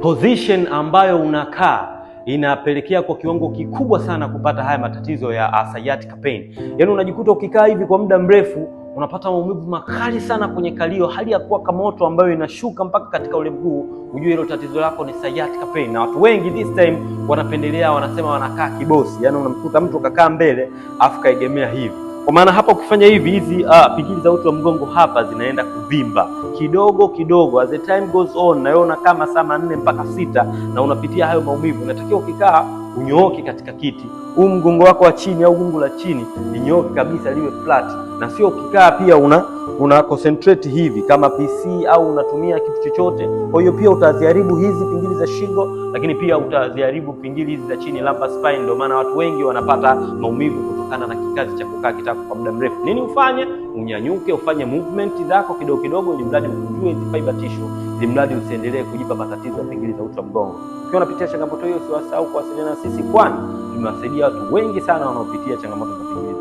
position ambayo unakaa inapelekea kwa kiwango kikubwa sana kupata haya matatizo ya sciatica pain. Yaani unajikuta ukikaa hivi kwa muda mrefu unapata maumivu makali sana kwenye kalio, hali ya kuwa kama moto ambayo inashuka mpaka katika ule mguu. Ujue hilo tatizo lako ni sciatica pain, na watu wengi this time wanapendelea, wanasema wanakaa kibosi, yaani unamkuta mtu kakaa mbele afu kaegemea hivi kwa maana hapa ukifanya hivi hizi ah, pingili za uti wa mgongo hapa zinaenda kuvimba kidogo kidogo, as the time goes on, na naona kama saa nne mpaka sita, na unapitia hayo maumivu. Unatakiwa ukikaa unyooke katika kiti, huu mgongo wako wa chini au gungu la chini linyooke kabisa, liwe flat, na sio ukikaa pia una una concentrate hivi kama PC au unatumia kitu chochote. Kwa hiyo pia utaziharibu hizi pingili za shingo, lakini pia utaziharibu pingili hizi za chini lumbar spine. Ndio maana watu wengi wanapata maumivu kutokana na kikazi cha kukaa kitako kwa muda mrefu. Nini ufanye? Unyanyuke, ufanye movement zako kidogo kidogo, ili mradi ukujue hizi fiber tissue, ili mradi usiendelee kujipa matatizo ya pingili za uti wa mgongo. Ukiwa unapitia changamoto hiyo, usiwasahau kuwasiliana na sisi, kwani tumewasaidia watu wengi sana wanaopitia changamoto za pingili.